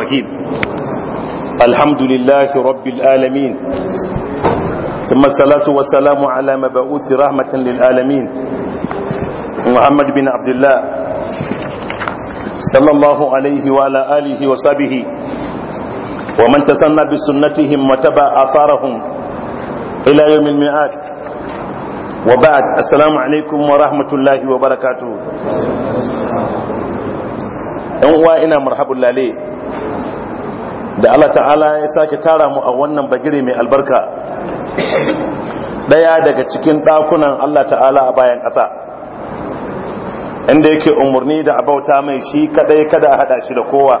الرحيم الحمد لله رب العالمين ثم الصلاة والسلام على مبعوث رحمة للعالمين محمد بن عبد الله صلى الله عليه وعلى آله وصحبه ومن تسنى بسنتهم وتبع آثارهم إلى يوم الميعاد وبعد السلام عليكم ورحمة الله وبركاته yan uwa مرحب الله lale da Allah ta'ala ya sake tara mu a wannan bagire mai albarka daya daga cikin dakunan Allah ta'ala a bayan ƙasa inda yake umarni da abauta mai shi kadai kada a hada shi da kowa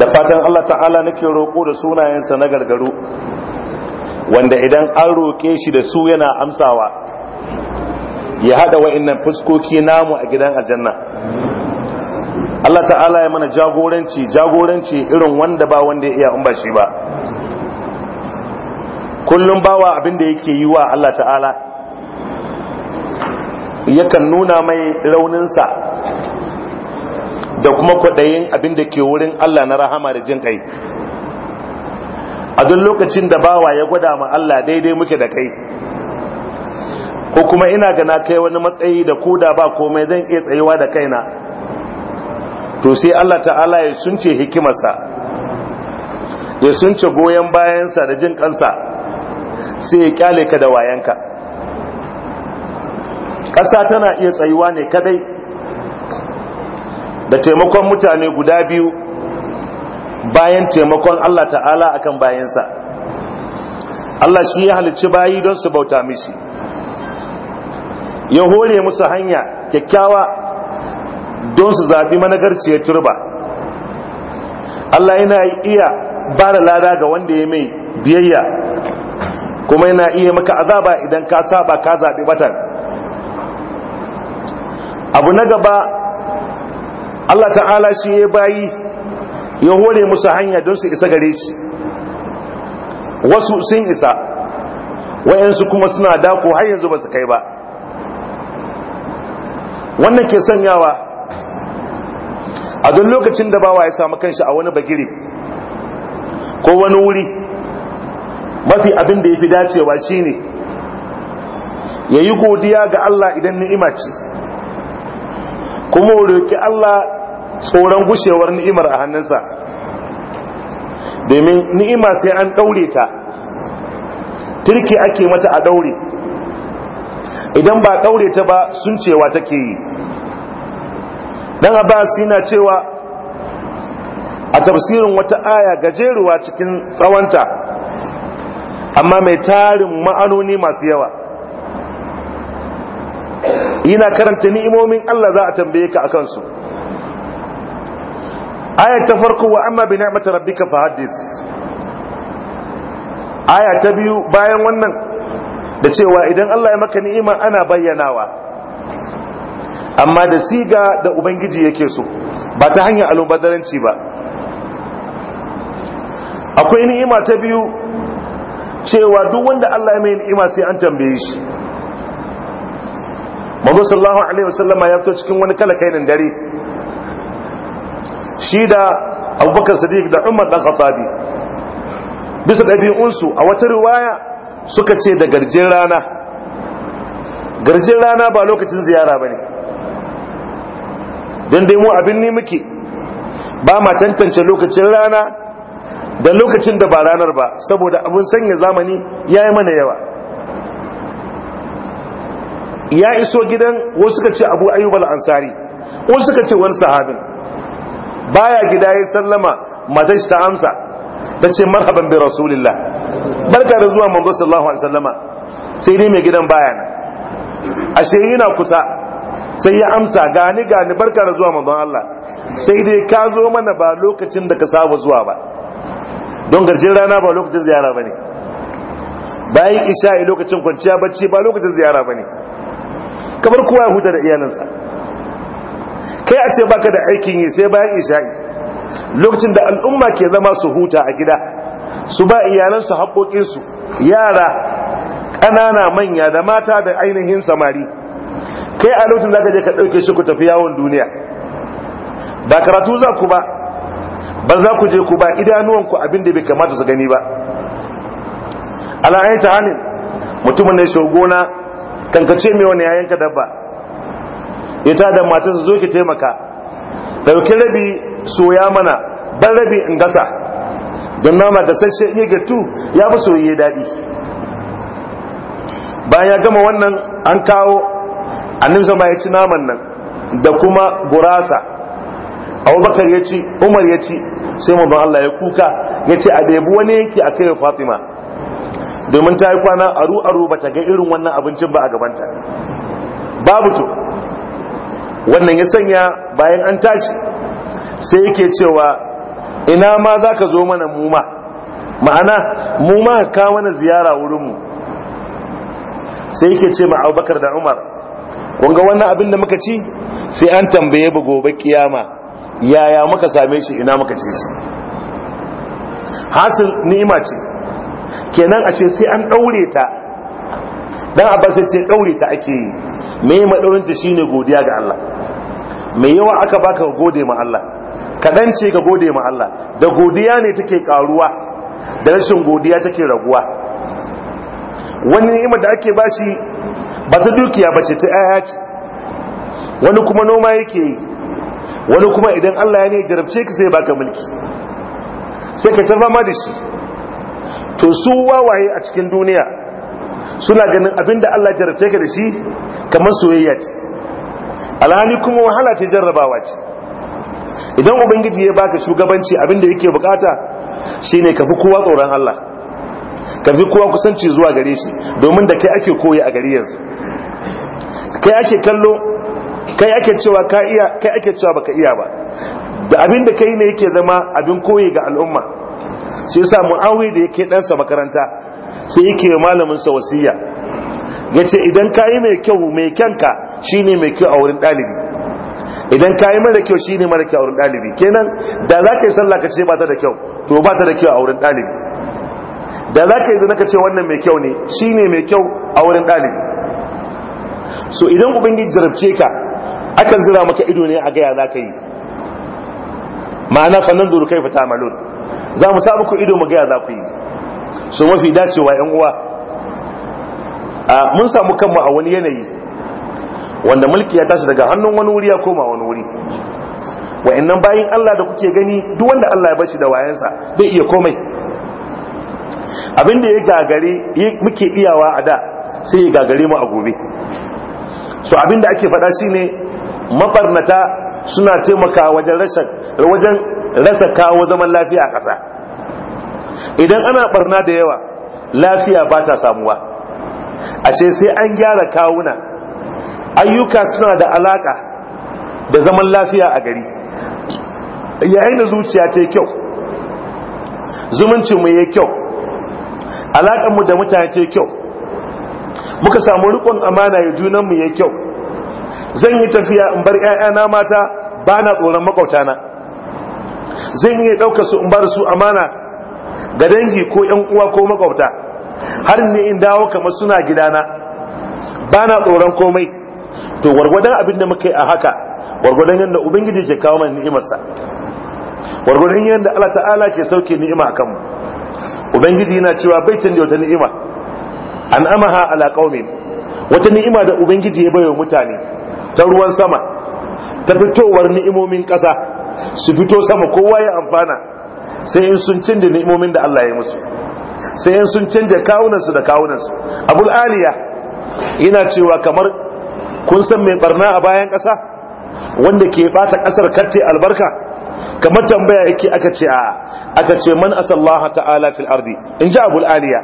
da fatan Allah ta'ala nake roƙo da sunayensa na gargaru wanda idan an roƙe shi da su yana amsawa ya hada wa'annan fuskoki namu a gidan aljanna Allah ta'ala ya mana jagoranci jagoranci irin wanda ba wanda ya iya in ba shi ba kullum bawa abin da yake yi wa Allah ta'ala yakan nuna mai rauninsa da kuma kwaɗayin abin da ke wurin Allah na rahama da jin kai a duk lokacin da bawa ya gwada ma Allah daidai muke da kai ko kuma ina gana kai wani matsayi da koda ba komai zan iya tsayuwa da kaina to sai Allah ta'ala ya sunce hikimarsa ya sunce goyon bayansa da jin kansa sai ya kyale ka da wayanka ƙasa tana iya tsayuwa ne kadai da taimakon mutane guda biyu bayan taimakon Allah ta'ala akan bayansa Allah shi ya halicci bayi don su bauta mishi ya hore musu hanya kyakkyawa don su zaɓi managarciyar turba Allah yana iya ba da lada ga wanda ya mai biyayya kuma yana iya maka azaba idan ka saba ka zaɓi batan abu na gaba Allah ta'ala shi ya bayi ya hore musu hanya don su isa gare shi wasu sun isa wayansu kuma suna dako har yanzu ba su kai ba wannan ke sanyawa a don lokacin da bawa ya samu kanshi a wani bagire ko wani wuri mafi abin da ya fi dacewa shine ya yi godiya ga Allah idan ni'ima ce kuma roƙi Allah tsoron gushewar ni'imar a hannunsa domin ni'ima sai an ɗaure ta turke ake mata a ɗaure idan ba ɗaure ta ba sun cewa take yi dan abbas yana cewa a tafsirin wata aya gajeruwa cikin tsawanta amma mai tarin ma'anoni masu yawa yana karanta ni'imomin Allah za a tambaye ka akan su ayar ta farko wa amma bi ni'mati rabbika fa hadith aya ta biyu bayan wannan da cewa idan Allah ya maka ni'ima ana bayyanawa amma da siga da ubangiji yake so ba ta hanyar alubadaranci ba akwai ni'ima ta biyu cewa duk wanda Allah ya mai ni'ima sai an tambaye shi mazu sallallahu alaihi wasallama ya fito cikin wani kala nan dare shi da abubakar sadiq da umar dan khattabi bisa ɗabi'unsu a wata riwaya suka ce da garjin rana garjin rana ba lokacin ziyara ba ne don dai mu abin ne muke ba ma tantance lokacin rana da lokacin da ba ranar ba saboda abin sanya zamani ya yi mana yawa ya iso gidan wasu suka ce abu ayyubal ansari wasu suka ce wani sahabin baya gida ya sallama mazai ta amsa ta ce marhaban bi rasulillah barka da zuwa manzo sallallahu alaihi sai dai mai gidan baya nan ashe yana kusa sai ya amsa gani gani barka da zuwa manzon Allah sai dai ka zo mana ba lokacin da ka saba zuwa ba don garjin rana ba lokacin ziyara bane bayan isha'i lokacin kwanciya bacci ba lokacin ziyara bane kamar kowa ya huta da iyalinsa kai a ce baka da aikin yi sai bayan isha'i lokacin da al'umma ke zama su huta a gida su ba iyalansu haƙoƙinsu yara ƙanana manya da mata da ainihin samari kai a lokacin zaka je ka dauke shi ku tafi yawon duniya ba karatu za ku ba ba za ku je ku ba idanuwan ku abin da bai kamata su gani ba ala ta hanin mutumin ne gona kankace mai wani yayanka dabba ya ta da matar su zo ki taimaka dauki rabi soya mana ban rabi in gasa don nama da sashe iya gatu ya fi soyayya daɗi bayan ya gama wannan an kawo annin zama ya ci naman nan da kuma gurasa abubakar ya ci umar ya ci sai mu Allah ya kuka ya ce a bebi wani yake a kai fatima domin ta yi kwana aru aru ba ta ga irin wannan abincin ba a gabanta babu to wannan ya sanya bayan an tashi sai yake cewa ina ma za ka zo mana muma ma'ana muma ka mana ziyara wurinmu sai yake ce ma abubakar da umar kun ga wannan abin da muka ci sai an tambaye ba gobe kiyama yaya muka same shi ina muka ci shi hasil ni'ima ce kenan a ce sai an daure ta dan abbas ya ce daure ta ake yi me daurin ta shine godiya ga Allah me yawa aka baka gode ma Allah kadan ce ga gode ma Allah da godiya ne take karuwa da rashin godiya take raguwa wani ni'ima da ake bashi ba ta dukiya ba ce ta yaya ce wani kuma noma yake yi wani kuma idan Allah ya ne jarabce ka sai baka mulki sai ka tafa ma da shi to su wawaye a cikin duniya suna ganin abin da Allah jarabce ka da shi kamar soyayya ce alhali kuma wahala ce jarrabawa ce idan ubangiji ya baka shugabanci abin da yake bukata shine ka fi kowa tsoron Allah ka fi kowa kusanci zuwa gare shi domin da kai ake koyi a gare yanzu kai ake kallo kai ake cewa ka iya kai ake cewa baka iya ba da abin da kai ne yake zama abin koyi ga al'umma shi yasa mu'awi da yake ɗansa makaranta sai yake malamin sa wasiya yace idan kayi mai kyau mai kanka shine mai kyau a wurin ɗalibi idan kai yi mara kyau shine ne mara kyau a wurin ɗalibi kenan da za ka yi sallah ka ce ba ta da kyau to ba ta da kyau a wurin ɗalibi da za ka yi zina ka ce wannan mai kyau ne shine mai kyau a wurin ɗalibi so idan ubangiji jarabce ka akan zira maka ido ne a gaya za ka yi ma'ana sannan zuru kai fata malon za mu sa muku ido mu gaya za ku yi so mafi dacewa yan uwa mun samu kanmu a wani yanayi wanda mulki ya tashi daga hannun wani wuri ya koma wani wuri wa'annan bayin Allah da kuke gani duk wanda Allah ya shi da wayansa zai iya komai abinda ya gagare muke iyawa a da sai ya gagare mu a gobe so abinda ake faɗa shine mabarnata suna taimaka wajen rasa wajen rasa kawo zaman lafiya a ƙasa idan ana barna da yawa lafiya ba ta samuwa ashe sai an gyara kawuna ayyuka suna da alaka da zaman lafiya a gari yayin da zuciya ta yi kyau zumuncinmu ya yi kyau alaƙanmu da mutane ta yi kyau muka samu rikon amana ya junanmu ya yi kyau zan yi tafiya in bar ƴaƴana mata ba na tsoron makwautana zan yi ɗauka su in bar su amana ga dangi ko ƴan uwa ko makwauta har ne in dawo kamar suna gidana ba na tsoron komai to gwargwadon abin da muka yi a haka gwargwadon yadda ubangiji ke kawo mana ni'imarsa gwargwadon yadda Allah ta'ala ke sauke ni'ima a kanmu ubangiji yana cewa bai canja wata ni'ima an amaha ala qaumin wata ni'ima da ubangiji ya bayo mutane ta ruwan sama ta fitowar ni'imomin ƙasa su fito sama kowa ya amfana sai in sun canja ni'imomin da Allah ya musu sai in sun canja kawunansu da kawunansu abul aliya yana cewa kamar kun san mai barna a bayan ƙasa wanda ke bata ƙasar karti albarka kamar tambaya yake aka ce a aka ce man asallaha ta'ala fil ardi in ji abul aliya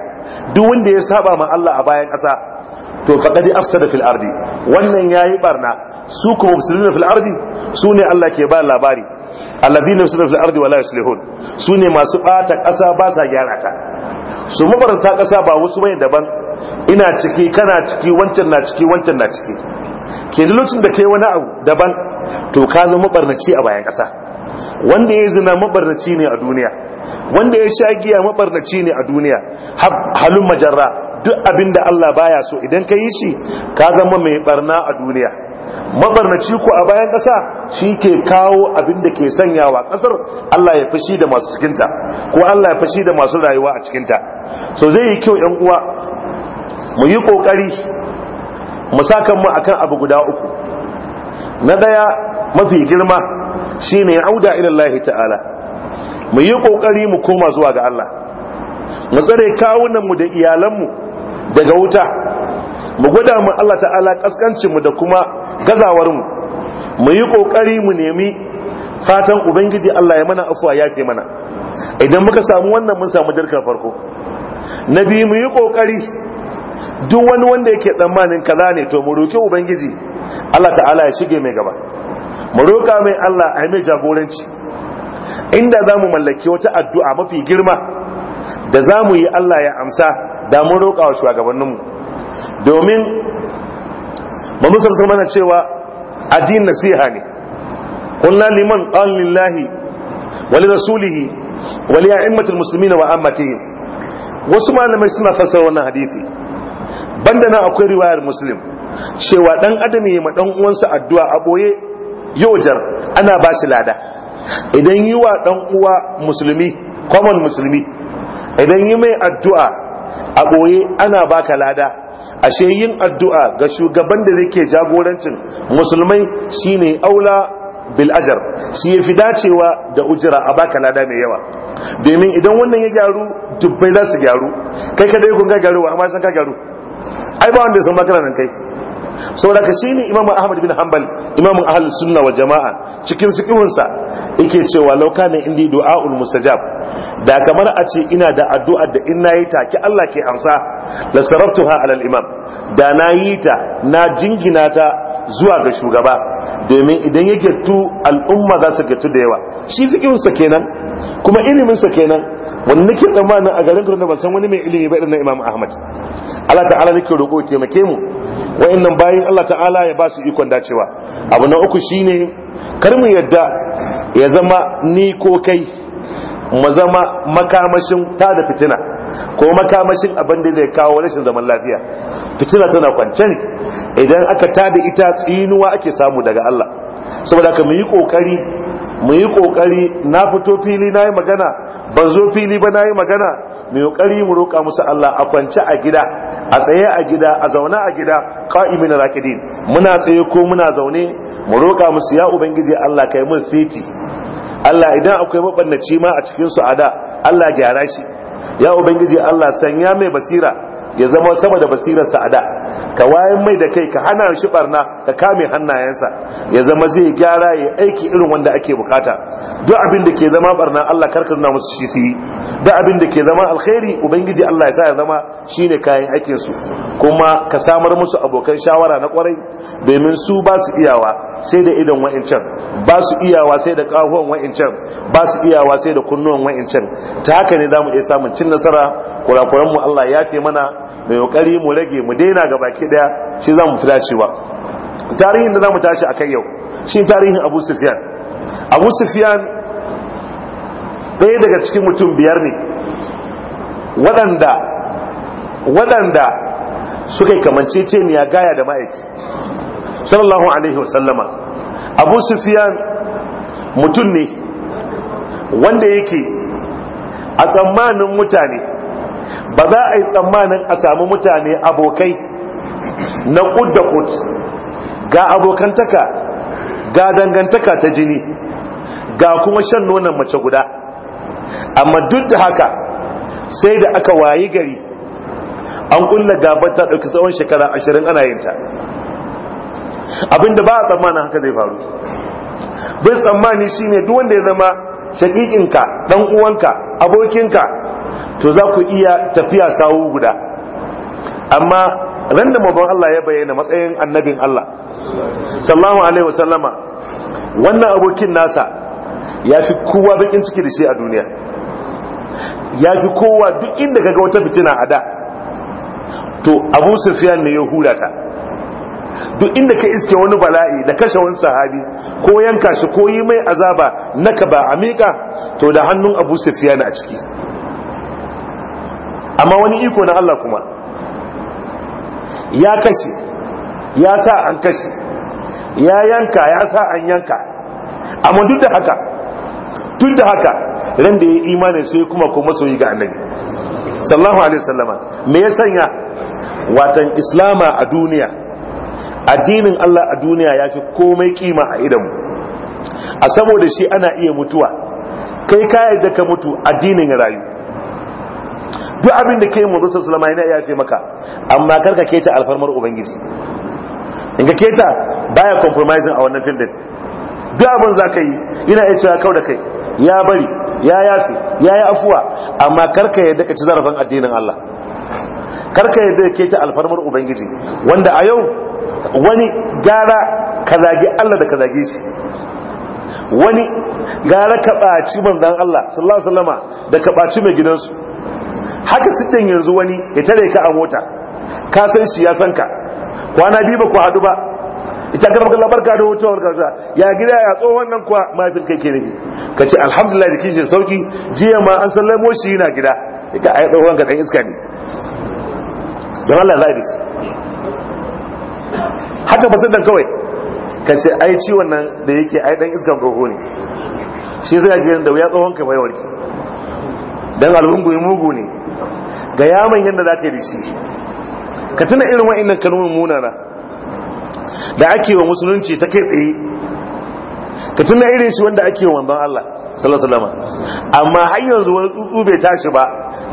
duk wanda ya saba ma Allah a bayan ƙasa to faqad afsada da filardi wannan yayi barna su kuma mufsiduna fil ardi sune Allah ke ba labari alladhina yufsiduna fil ardi wala yuslihun sune masu bata kasa ba sa gyara ta su mabarata kasa ba wasu bane daban ina ciki kana ciki wancan na ciki wancan na ciki ke lokacin da kai wani abu daban to ka zama mabarnaci a bayan kasa wanda ya zina mabarnaci ne a duniya wanda ya sha giya mabarnaci ne a duniya halun majarra duk abin da Allah baya so idan ka yi shi ka zama mai barna a duniya mabarnaci ku a bayan ƙasa shi ke kawo abin da ke sanyawa ƙasar Allah ya fashi da masu cikinta ko Allah ya fashi da masu rayuwa a cikinta so zai yi kyau 'yan uwa mu yi ƙoƙari mu sa kanmu akan abu guda uku na daya mafi girma shine auda ila Allah ta'ala mu yi ƙoƙari mu koma zuwa ga Allah mu tsare kawunan mu da iyalan mu. daga wuta mu gwada mu Allah ta'ala kaskancin mu da kuma gazawar mu mu yi kokari mu nemi fatan ubangiji Allah ya mana afuwa yafe mana idan muka samu wannan mun samu darka farko na biyu mu yi kokari duk wani wanda yake tsammanin kaza ne to mu roki ubangiji Allah ta'ala ya shige mai gaba mu roka mai Allah a mai jagoranci inda za mu mallaki wata addu'a mafi girma da za mu yi Allah ya amsa da mun roƙa wa shugabanninmu domin ba mana cewa addinin nasiha ne kunna liman qala lillahi wa li rasulihi wa li a'immatil muslimin wa ammatihim wasu malamai suna fassara wannan hadisi banda na akwai riwayar muslim cewa dan adam ya ma dan uwansa addu'a a boye yojar ana ba shi lada idan yi wa dan uwa musulmi common musulmi idan yi mai addu'a a ɓoye ana baka lada ashe yin addu'a ga shugaban da zai ke jagorancin musulmai shine aula bil ajar shi yafi dacewa da ujira a baka lada mai yawa domin idan wannan ya gyaru dubbai za su gyaru kai kadai kun ga gyaru amma san ka gyaru ai ba wanda sun makaranta kai saboda ka ne imamu ahmad bin hanbal imamun ahal sunna wa jamaa cikin sikihunsa yake cewa lauka ne indi du'aul mustajab da kamar a ce ina da addu'a da in yi ta ki Allah ke amsa la saraftuha ala al imam da nayi ta na jingina ta zuwa ga shugaba domin idan ya gettu al'umma za su gettu da yawa shi sikihunsa kenan kuma iliminsa kenan wani nake tsammanin a garin kuma ba san wani mai ilimi ba dana na Imam Ahmad Allah ta'ala nake roƙo taimake mu wayannan bayin Allah ta'ala ya ba su ikon dacewa abu na uku shine kar mu yadda ya zama ni ko kai mu zama makamashin ta da fitina ko makamashin abin da zai kawo rashin zaman lafiya fitina tana kwance ne idan aka tada ita tsinuwa ake samu daga Allah saboda haka mu yi kokari mu yi kokari na fito fili na yi magana ban zo fili ba na yi magana mai kokari mu roƙa musu Allah a kwance a gida a tsaye a gida a zauna a gida qa'imin rakidin muna tsaye ko muna zaune mu roƙa musu ya ubangiji Allah kai mun siti Allah idan akwai mabannaci ma a cikin su ada Allah gyara shi ya ubangiji Allah sanya mai basira ya zama sama da basirar ada ka wayan mai da kai ka hana shi barna ka kame hannayensa ya zama zai gyara ya aiki irin wanda ake bukata duk abin da ke zama barna Allah karkar nuna musu shi su yi duk abin da ke zama alkhairi ubangiji Allah ya sa ya zama shine kayan aikin su kuma ka samar musu abokan shawara na kwarai domin su ba su iyawa sai da idan wa'incan ba su iyawa sai da kahuwan wa'incan ba su iyawa sai da kunnuwan wa'incan ta haka ne za mu iya samun cin nasara kurakuranmu Allah ya ce mana mai kokari mu rage mu daina gaba baki daya shi za mu tashi ba. tarihin da za mu tashi a kai yau shi tarihin abu sufyan abu sufyan ɗaya daga cikin mutum biyar ne waɗanda waɗanda suka yi kamanceceniya gaya da ma'aiki sallallahu alaihi wasallama abu sufyan mutum ne wanda yake a tsammanin mutane ba za a yi tsammanin a samu mutane abokai na kud da ga abokantaka ga dangantaka ta jini ga kuma shan nonon mace guda amma duk da haka sai da aka wayi gari an kulla gabar ta ɗauki tsawon shekara ashirin ana yin ta abinda ba a tsammanin haka zai faru bin tsammani shine duk wanda ya zama shakikinka dan uwanka abokinka to za ku iya tafiya sawu guda amma ran da mabon Allah ya bayyana matsayin annabin Allah sallallahu alaihi wasallama wannan abokin nasa ya fi kowa bakin ciki da shi a duniya ya fi kowa duk inda kaga wata fitina a da to abu sufyan ne ya hura ta duk inda ka iske wani bala'i da kashe wani sahabi ko yanka shi ko yi mai azaba naka ba amika to da hannun abu sufyan a ciki amma wani iko na Allah kuma ya kashe ya sa an kashe ya yanka ya sa an yanka amma duk da haka duk da haka ran da ya imanin sai kuma ko masoyi ga annabi sallallahu alaihi wasallama me ya sanya watan islama a duniya addinin Allah a duniya ya fi komai kima a mu a saboda shi ana iya mutuwa kai ka yadda ka mutu addinin rayu duk abin da kai manzo sallallahu yana yafe maka amma karka keta alfarmar ubangiji in ka keta baya compromising a wannan fildin duk abin za ka yi ina iya cewa kau da kai ya bari ya yafi ya yi afuwa amma karka yadda ka ci zarafin addinin Allah karka yadda ka keta alfarmar ubangiji wanda a yau wani gara ka zagi Allah da ka zage shi wani gara ka ɓaci manzan Allah sallallahu alaihi da ka ɓaci mai gidansu haka sitin yanzu wani ya tare ka a mota ka san shi ya san ka kwana biyu ba ku hadu ba ita karɓar kallon barka da hutawar karza ya gida ya tso wannan kuwa mahaifin kai ke nufi ka ce alhamdulillah jikin shi sauki jiya ma an san lamo shi yana gida ka a yi tsohon ka ɗan iska ne don Allah za a su haka ba dan kawai ka ce yi ciwon nan da yake yi ɗan iskan ɗauko ne shi zai gina da wuya tsohon ka bai warki dan alhungu mugu ne ga yaman yadda za ta yi da shi ka tuna irin wa'annan kalmomin munana da ake wa musulunci ta kai tsaye ka tuna irin shi wanda ake wa manzon Allah sallallahu amma har yanzu wani tsutsu bai tashi ba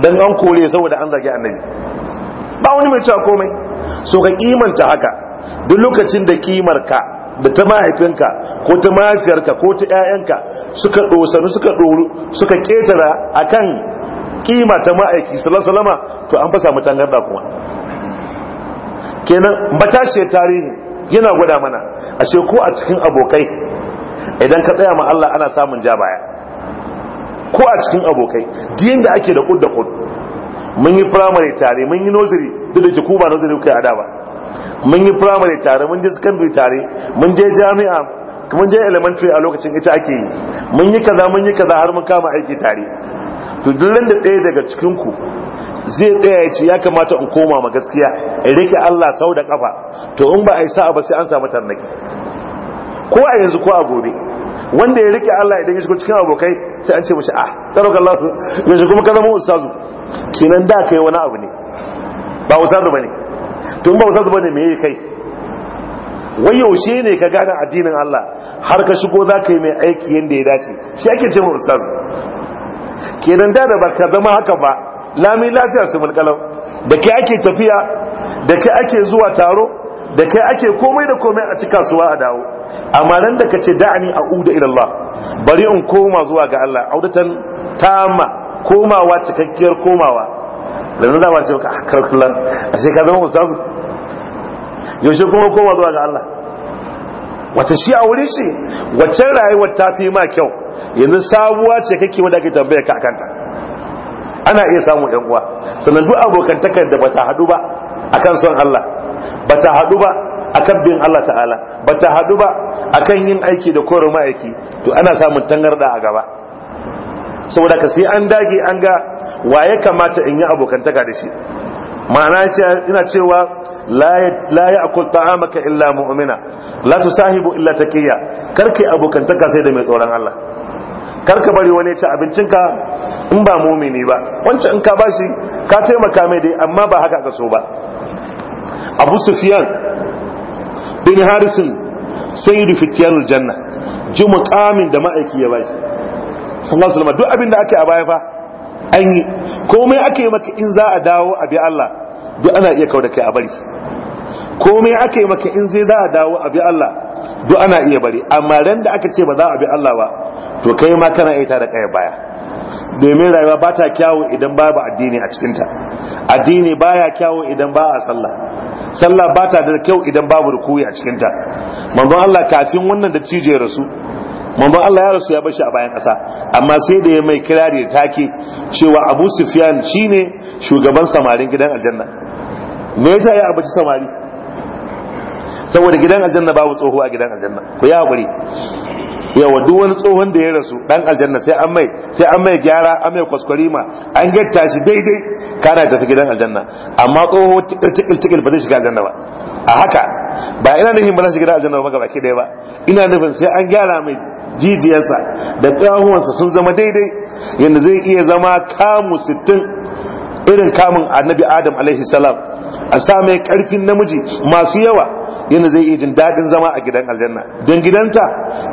dan an kore saboda an zage annabi ba wani mai cewa komai so ka kimanta haka duk lokacin da kimar ka da ta mahaifinka ko ta mahaifiyarka ko ta 'ya'yanka suka ɗosanu suka ɗoru suka ƙetara akan kima ta ma'aiki salama to an fa samu tangarda kuma kenan she tarihi yana gwada mana ashe ko a cikin abokai idan ka tsaya ma Allah ana samun ja baya ko a cikin abokai diyin da ake da kud da kud mun yi primary tare mun yi nursery duk da ke ku ba nursery kai ada ba mun yi primary tare mun je secondary tare mun je jami'a mun je elementary a lokacin ita ake yi mun yi kaza mun yi kaza har mun kama aiki tare to dillan da ɗaya daga cikinku zai tsaya ya ce ya kamata in koma ma gaskiya in rike Allah sau da kafa to in ba a yi sa'a ba sai an samu tarnaki ko a yanzu ko a gobe wanda ya rike Allah idan ya shigo cikin abokai sai an ce mashi ah tsarauka Allah yanzu kuma ka zama ustazu kenan da kai wani abu ne ba ustazu bane to in ba ustazu bane me yake kai wai yaushe ne ka gane addinin Allah har ka shigo za ka yi mai aiki yadda ya dace shi ake ce ustazu kenan da da baka zama haka ba lami lafiya su mulkalau da kai ake tafiya da kai ake zuwa taro da kai ake komai da komai a ci kasuwa a dawo amma nan da kace da'ani a'uda ila Allah bari in koma zuwa ga Allah audatan tama komawa cikakkiyar komawa da nan ba ce ka ah, karkullan a sai ka zama ustazu yaushe kuma koma zuwa ga Allah wata shi a wurin shi wacce rayuwar ta fi ma kyau yanzu sabuwa ce kake wanda ake tambaya ka kanta ana iya samun yan uwa sannan duk abokantakar da bata hadu ba akan son Allah bata hadu ba akan bin Allah ta'ala bata hadu ba akan yin aiki da koyar ma'aiki to ana samun tangarda a gaba saboda ka sai an dage an ga waye kamata in yi abokantaka da shi ma'ana ina cewa la ya akul ta'amaka illa mu'mina la tusahibu illa taqiya karki abokantaka sai da mai tsoron Allah kar ka bari wani ya ci abincinka in ba mumini ba wancan in ka bashi ka taimaka mai dai amma ba haka ka so ba abu sufiyan bin harisun sayyidu fitiyanul janna ji mukamin da ma'aiki ya bashi sun alaihi duk abin ake a baya ba an yi komai ake maka in za a dawo a bi Allah duk ana iya kauda kai a bari komai ake maka in zai za a dawo a bi Allah duk ana iya bari amma ran da aka ce ba za a bi Allah ba to kai ma kana aita da kai baya domin rayuwa ba ta kyawu idan babu addini a cikinta addini baya kyawu idan ba a sallah sallah ba ta da kyau idan babu rukuyi a cikinta manzon Allah kafin wannan da cije rasu manzon Allah ya rasu ya bashi a bayan kasa. amma sai da ya mai kirari da take cewa Abu Sufyan shine shugaban samarin gidan aljanna me yasa ya abaci samari saboda gidan aljanna babu tsoho a gidan aljanna ku yi hakuri yawa duk wani tsohon da ya rasu dan aljanna sai an mai sai an mai gyara an mai kwaskwarima an gatta shi daidai kana tafi gidan aljanna amma tsoho tikil tikil ba zai shiga aljanna ba a haka ba ina nufin ba zai shiga aljanna ba gaba ki daya ba ina nufin sai an gyara mai jijiyarsa da ƙahuwansa sun zama daidai yadda zai iya zama kamu sittin irin kamun annabi adam alaihi salam a sa mai karfin namiji masu yawa yana zai iya jin dadin zama a gidan aljanna don gidanta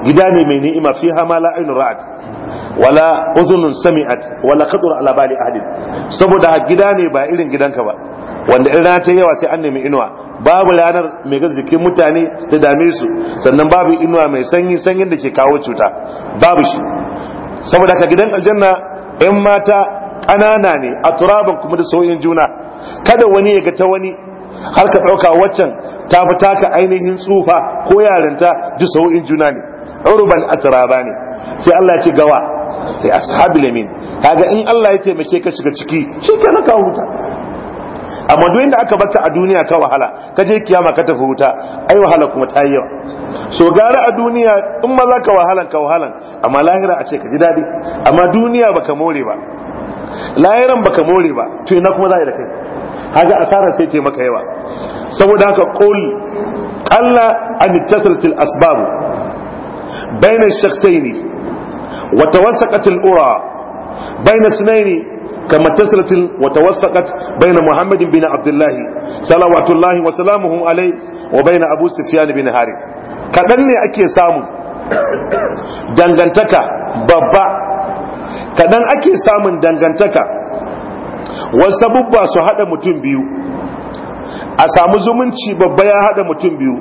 gida ne mai ni'ima fi hama ainu wala uzunun sami'at wala qadur ala bali ahadin saboda gida ne ba irin gidanka ba wanda in rana ta yawa sai an nemi inuwa babu ranar mai gazzikin mutane ta dame su sannan babu inuwa mai sanyi sanyin da ke kawo cuta babu shi saboda ka gidan aljanna yan mata ƙanana ne a turaban kuma da sauyin juna kada wani ya ga ta wani har ka ɗauka waccan ta fi taka ainihin tsufa ko yarinta duk sau'in juna ne urban atraba ne sai Allah ya ce gawa sai ashabul yamin kaga in Allah ya taimake ka shiga ciki shikenan ka huta amma duk inda aka bata a duniya ka wahala ka je kiyama ka tafi wuta ai wahala kuma ta yi yawa so gara a duniya in ma za ka wahalan ka wahalan amma lahira a ce ka ji daɗi amma duniya baka more ba lahiran baka more ba to ina kuma za ka yi da kai haga asarar sai ce maka yawa saboda haka ƙoli ƙalla an ittasalt al asbab bayna al shakhsayn wa tawassaqat al ura bayna ithnayn كما اتصلت وتوثقت بين محمد بن عبد الله صلوات الله alai wa وبين Abu سفيان بن حارث Kaɗan ne ake samun dangantaka babba kaɗan ake samun dangantaka wasu sabubba su haɗa mutum biyu a samu zumunci babba ya hada mutum biyu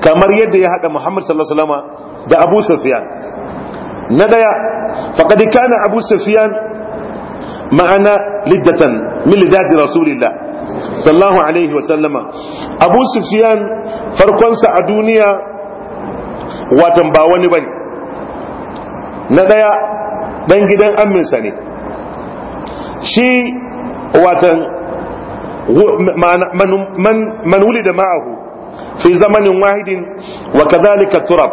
kamar yadda ya hada Muhammad sallallahu alaihi wasallam da Abu Sufyan na daya faqad kana Abu Sufyan ma'ana liddatan min lidati Rasulillah sallallahu alaihi wasallam Abu Sufyan farkon sa a duniya watan ba wani bane na daya dan gidan amminsa ne shi watan man man wulida ma'ahu fi zamanin wahidin wa kadhalika turab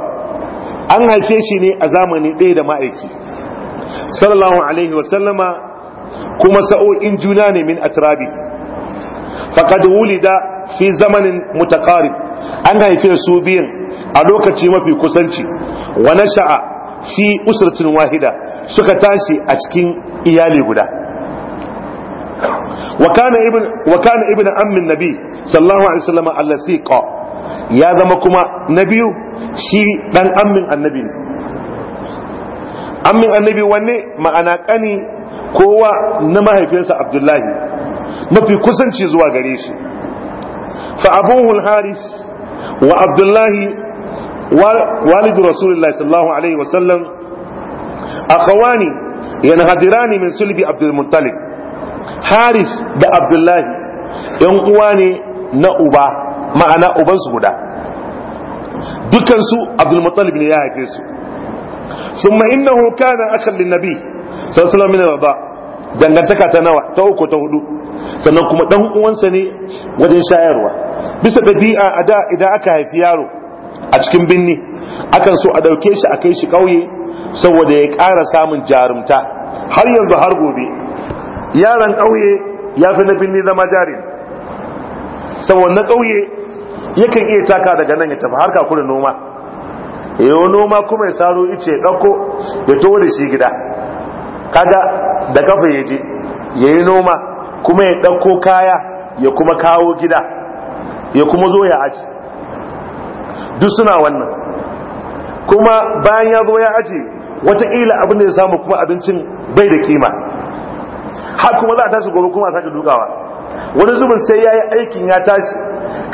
an haife shi ne a zamani ɗaya da ma'aiki sallallahu alaihi wa sallama kuma sa'o'in juna ne min atrabi faqad wulida fi zamanin mutaqarib an haife su biyan a lokaci mafi kusanci wa nasha'a fi usratin wahida suka tashi a cikin iyali guda wa kana ibn wa kana ibn ammin nabi sallallahu alaihi wasallam ya zama kuma nabiyu shi dan ammin annabi ne ammin annabi wanne ma'ana kani kowa na mahaifinsa abdullahi mafi kusanci zuwa gare shi fa abuhu al wa abdullahi walidu rasulullahi sallallahu alaihi wasallam akhawani yanhadirani min sulbi abdul haris da abdullahi yan uwa ne na uba ma'ana ubansu guda dukansu abdulmuttalib ne ya haife su summa innahu kana akhan nabi sallallahu alaihi wasallam dangantaka ta nawa ta uku ta hudu sannan kuma dan uwansa ne wajen shayarwa bisa dabi'a a da idan aka haifi yaro a cikin binni akan so a dauke shi a kai shi kauye saboda ya ƙara samun jarumta har yanzu har gobe yaran ƙauye ya fi na birni zama jari saboda na ƙauye yakan iya taka daga nan ya tafi harka kuda noma yau noma kuma ya saro ice ɗauko ya to da shi gida kaga da kafa ya je ya yi noma kuma ya ɗauko kaya ya kuma kawo gida ya kuma zo ya aji duk suna wannan kuma bayan ya zo ya aji wataƙila abin da ya samu kuma abincin bai da kima har kuma za a tashi gobe kuma sake dukawa wani zubin sai ya yi aikin ya tashi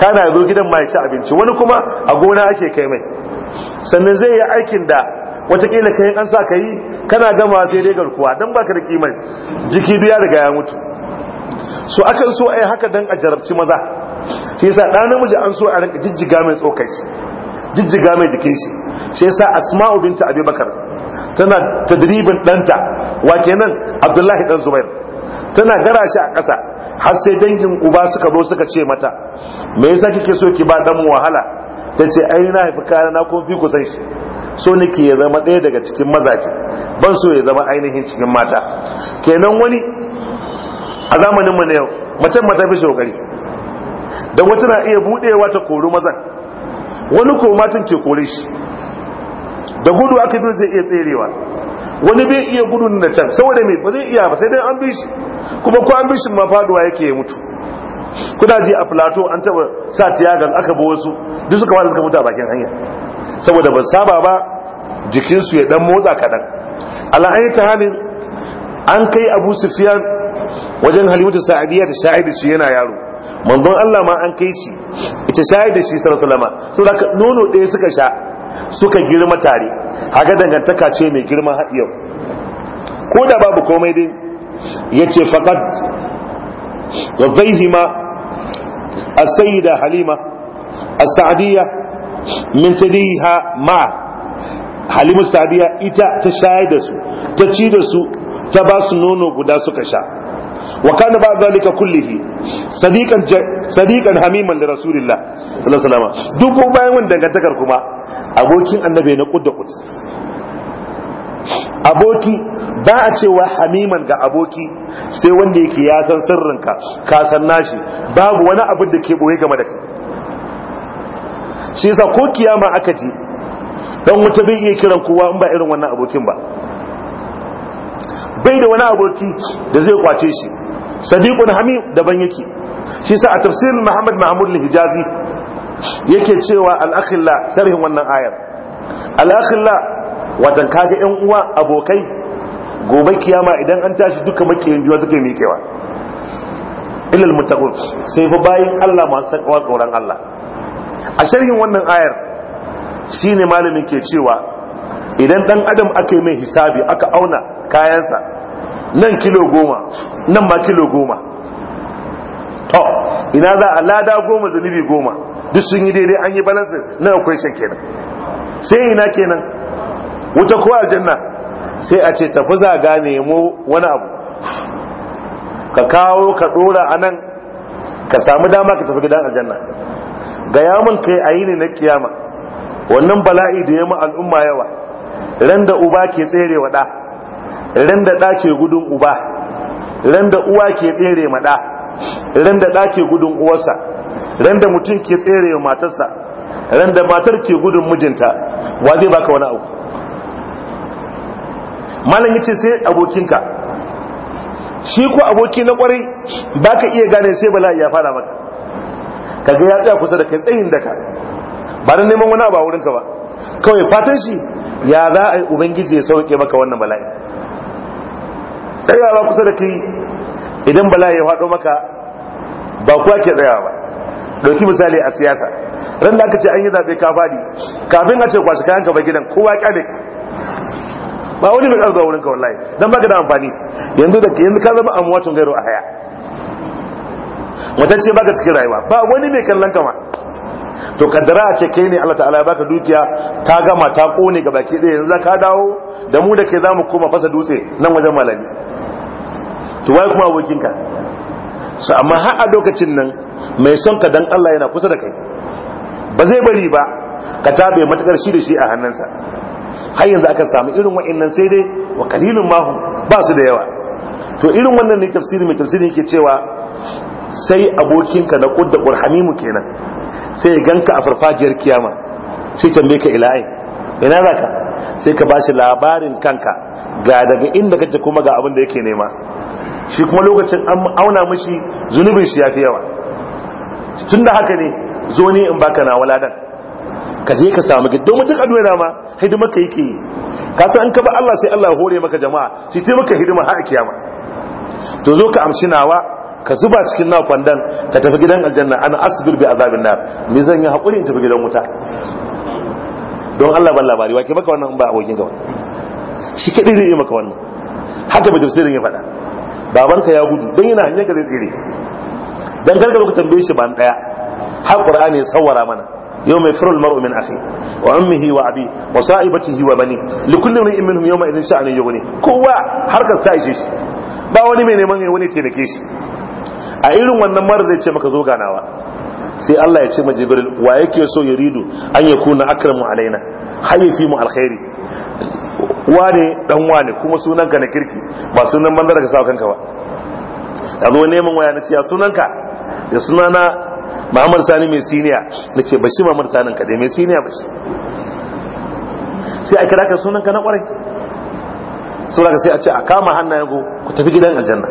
kana zo gidan ma ci abinci wani kuma a gona ake kai mai sannan zai yi aikin da watakila kai an sa ka yi kana gama sai dai garkuwa don ba ka da kimar jiki duk ya riga ya mutu so akan so a haka dan a jarabci maza shi yasa ɗan namiji an so a rinka jijjiga mai tsokai shi jijjiga mai jikin shi shi yasa asma'u binta abubakar tana tadribin ɗanta wa kenan abdullahi Dan zubair tana gara shi a ƙasa har sai dangin uba suka zo suka ce mata me yasa kike so ki ba dan wahala ta ce ai na haifi kana na kuma fi kusan shi so nake ya zama ɗaya daga cikin mazaje ban so ya zama ainihin cikin mata kenan wani a zamanin mu na yau mace mata fi shokari dan wata na iya budewa ta koru mazan wani ko matan ke kore shi da gudu aka bi zai iya tserewa wani bai iya gudun na can saboda mai ba zai iya ba sai dai an bishi kuma ko an bishin ma faduwa yake ya mutu kuna ji a plateau an taba sa tiyagan aka bi wasu duk suka wani suka mutu a bakin hanya saboda ba saba ba jikinsu ya dan motsa kaɗan ala'ayi ta halin an kai abu sufiyan wajen halimatu sa'adiyya da sha'id shi yana yaro manzon Allah ma an kai shi ita sha'id shi sallallahu alaihi wasallam saboda nono ɗaya suka sha suka girma tare haka dangantaka ce mai girma har yau ko da babu komai din? ya ce faƙad wa zaihima a sayida halima a sa'adiyya min tadiha ma halimu sa'adiyya ita ta shayar da su ta ci da su ta ba su nono guda suka sha وكان بعد ذلك كله صديقا ج... صديقا حميما لرسول الله صلى الله عليه وسلم دوبو باين وان كما abokin annabi na kudda da aboki ba a cewa hamiman ga aboki sai wanda yake ya san sirrinka ka san nashi babu wani abin da ke boye game da kai shi yasa ko kiyama aka ji dan wuta bai iya kiran kowa in ba irin wannan abokin ba bai da wani aboki da zai kwace shi sadiqun hamim daban yake shi yasa a tafsirin Muhammad Mahmud al-Hijazi yake cewa al'akhilla sharhin wannan ayar al'akhilla watan kaga yan uwa abokai gobe kiyama idan an tashi duka makiyin juwa suke miƙewa ilal muttaqun sai fa bayin Allah masu takawa tsoron Allah a sharhin wannan ayar shine malamin ke cewa idan dan adam aka yi mai hisabi aka auna kayansa nan kilo goma nan ma kilo goma to ina za a lada goma zunubi goma duk sun yi daidai an yi balansa na akwai shan kenan sai ina kenan wuta ko aljanna sai a ce tafi ga nemo wani abu ka kawo ka dora a nan ka samu dama ka tafi gidan aljanna ga yamin kai a yi ne na kiyama wannan bala'i da yamma al'umma yawa ran da uba ke tsere wa ɗa ran da ɗa ke gudun uba ran da uwa ke tsere ma ɗa ran da ɗa ke gudun uwarsa ran da mutum ke tsere matarsa ran da matar ke gudun mijinta wa zai baka wani abu malam ce sai abokinka shi ko aboki na kwarai ba ka iya gane sai bala'i ya fara maka kaga ya tsaya kusa da kai tsayin daka ba da neman wani abu a wurinka ba kawai fatan shi ya za a yi ubangiji ya sauke maka wannan bala'i tsayawa kusa da kai idan bala ya faɗo maka ba kuwa ke tsaya ba ɗauki misali a siyasa ran da aka ce an yi zaɓe ka faɗi kafin a ce kwashi kayan ka ba gidan kowa kyale ba wani mai ƙarzuwa wurin wallahi don baka da amfani yanzu da yanzu ka zama watan gairo a haya Wata ce baka cikin rayuwa ba wani mai kallon kama to kaddara a ce kai ne Allah ta'ala ya baka dukiya ta gama ta kone ga baki ɗaya yanzu ka dawo da mu da ke mu koma fasa dutse nan wajen malami to wai kuma abokinka so amma har a lokacin nan mai son ka dan Allah yana kusa da kai ba zai bari ba ka tabe matakar shi da shi a hannunsa har yanzu aka samu irin wa'annan sai dai wa kalilun mahu ba su da yawa to irin wannan ne tafsiri mai tafsiri yake cewa sai abokinka na kudda qurhamimu kenan sai ya ganka a farfajiyar kiyama sai tambaye ka ilahi ina zaka sai ka bashi labarin kanka ga daga inda kake kuma ga abin da yake nema shi kuma lokacin an auna mashi zunubin shi ya fi yawa tun da haka ne zo ne in baka na dan. ka je ka samu gida domin duk addu'a ma hidima ka yake yi ka san an ka ba Allah sai Allah ya hore maka jama'a sai ta maka hidima har kiyama to zo ka amshi nawa ka zuba cikin na kwandan ka tafi gidan aljanna ana asbir bi azabin nar me zan yi hakuri in tafi gidan wuta don Allah ban labari wake maka wannan ba abokin ka shi kadai zai yi maka wannan haka ba tafsirin ya faɗa babanka ya gudu don yana hanyar ka zai tsere dan gargaro ka tambaye shi ban daya har qur'ani ya sawara mana يوم يفر المرء من اخيه وامه وابيه وصائبته وبنيه لكل امرئ منهم يوم اذن شان يغني كوا harkar sa ishe shi ba wani mai neman wani ce ke shi a irin wannan mara zai ce maka zo ganawa sai Allah ya ce ma Jibril wa yake so ya ridu an yakuna akramu alaina hayyafi mu alkhairi wane dan wane kuma sunanka na kirki ba sunan banza daga sawa kanka ba da zo neman waya na ce ya sunanka da sunana Muhammad Sani mai siniya na ce bashi Muhammad Sani ka dai mai siniya bashi sai a kira ka sunanka na kwarai Sau ka sai a ce a kama hannayen ku ku tafi gidan aljanna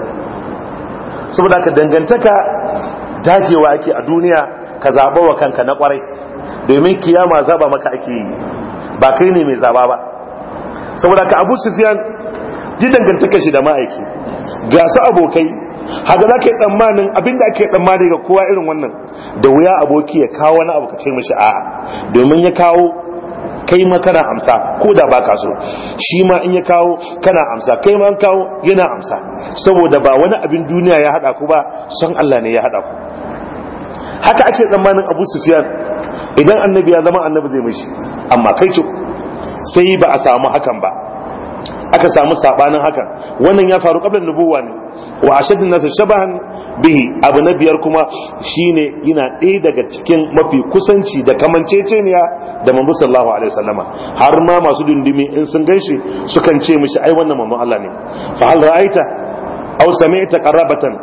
saboda ka dangantaka dagewa ake a duniya ka zaɓa wa kanka na kwarai domin kiyama zaba maka ake yi ba kai ne mai zaba ba saboda ka abu sufiyan ji dangantaka shi da ma'aiki ga su abokai haka za ka yi tsammanin abinda ake tsammanin ga kowa irin wannan da wuya aboki ya kawo wani abu ka ce mashi a'a domin ya kawo kai ma kana amsa ko da ba ka so shi ma in ya kawo kana amsa kai ma an kawo yana amsa saboda ba wani abin duniya ya hada ku ba son Allah ne ya hada ku haka ake tsammanin Abu Sufiyan, idan annabi ya zama annabi zai mishi amma kai ce sai ba a samu hakan ba aka samu sabanin hakan wannan ya faru kablan nubuwa ne wa ashadun nasu shabahan bihi abu na biyar kuma shine yana ɗaya daga cikin mafi kusanci da kamanceceniya da manzo sallallahu alaihi wasallama har ma masu dundumi in sun ganshi sukan ce mishi ai wannan manzo Allah ne fa hal ra'aita aw sami'ta qarabatan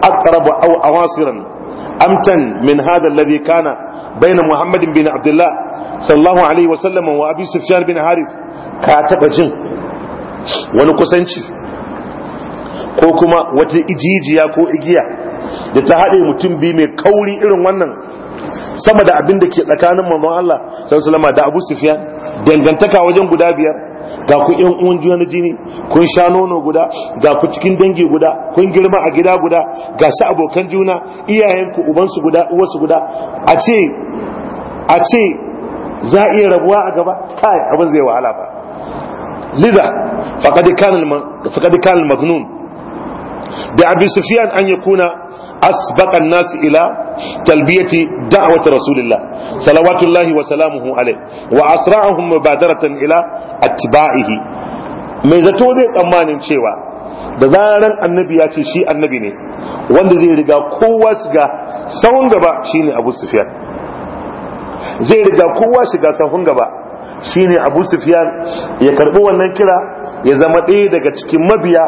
aqrabu aw awasiran amtan min hadha alladhi kana bayna muhammad bin abdullah sallallahu alaihi wasallam wa abi sufyan bin harith ka taba jin wani kusanci ko kuma wata ijijiya ko igiya da ta haɗe mutum biyu mai kauri irin wannan sama da abin da ke tsakanin manzon Allah sallallahu alaihi da Abu Sufyan dangantaka wajen guda biyar ga ku yan uwan juna jini kun sha nono guda ga ku cikin dangi guda kun girma a gida guda ga shi abokan juna iyayenku su guda su guda a ce a ce za a iya rabuwa a gaba kai abin zai wahala ba liza faqad kana faqad kana al da abi sufyan an yakuna asbaqa an-nas ila talbiyati da'wati rasulillah salawatullahi wa salamuhu alayhi wa asra'ahum mubadaratan ila atba'ihi mai zato zai tsammanin cewa da zaran annabi ya ce shi annabi ne wanda zai riga kowa shiga sahun gaba shine abu sufyan zai riga kowa shiga sahun gaba shine abu sufyan ya karbi wannan kira ya zama ɗaya daga cikin mabiya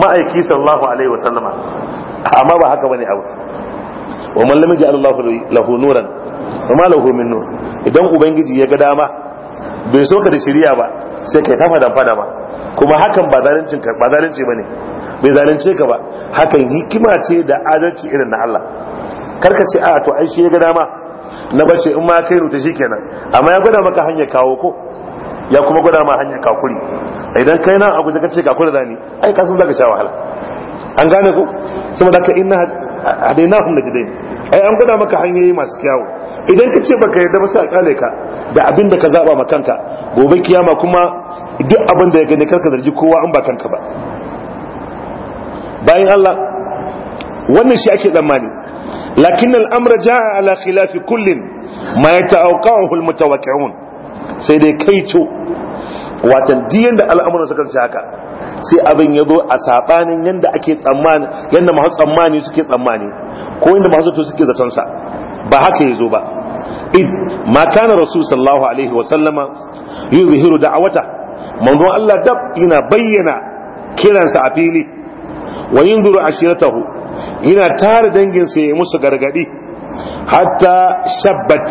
ma'aiki sallallahu alaihi wa sallama amma ba haka bane abu wa man lam yaj'al Allahu lahu nuran wa ma lahu min nur idan ubangiji ya ga dama bai so ka da shari'a ba sai kai tafa da fada ba kuma hakan ba zalincin ka ba zalunci bane bai zalunce ka ba hakan hikima ce da adalci irin na Allah karka ce a to ai shi ya ga dama na bace in ma kai ruta shikenan amma ya gwada maka hanyar kawo ko ya kuma gwada ma hanyar kakuri idan kai nan abu da kace kakuri zani ai kasan zaka sha wahala an gane ku da ka inna hadainahum najdain ai an gwada maka hanyoyi masu kyawu idan ka ce baka yarda ba sai a kale ka da abin da ka zaba ma kanka gobe kiyama kuma duk abin da ya gani karka zargi kowa an ba kanka ba bayan Allah wannan shi ake tsammani lakin al'amra jaa ala khilafi kullin ma yata'awqahu al-mutawaqqi'un sai dai kaito watan diyan da al'amuran suka ce haka sai abin ya zo a sabanin yadda ake tsammani yadda masu tsammani suke tsammani ko yadda masu zato suke zatonsa ba haka ya zo ba id ma kana rasul sallallahu alaihi wa sallama yuzhiru da'awata manzon Allah dab yana bayyana kiransa a fili wa yunzuru ashiratahu yana tare dangin sa ya musu gargadi hatta shabbat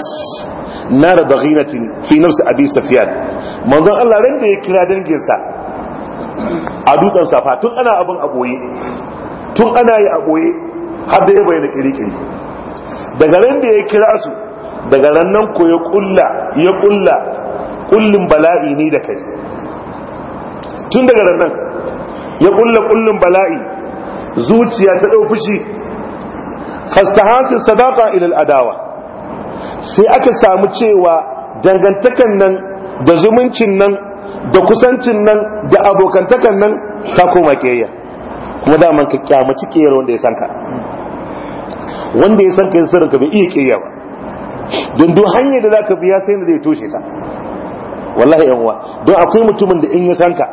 nar daghinatin fi nafsi abi sufyan manzon Allah randa ya kira danginsa. a dutsen safa tun ana abin a boye tun ana yi a boye har da ya bayyana kirikiri daga ran da ya kira su daga ran nan ko ya kulla ya kulla kullin bala'i ni da kai tun daga ran nan ya kulla kullin bala'i zuciya ta dau fushi fastahansu sadaqa ila al-adawa sai aka samu cewa dangantakan nan da zumuncin nan da kusancin nan da abokantakan nan ta koma kiyayya kuma man ka kyamaci kiyar wanda ya san ka wanda ya san ka yin sirrinka bai iya kiyayya ba don duk hanyar da za ka biya sai da zai toshe ta wallahi yan uwa don akwai mutumin da in ya san ka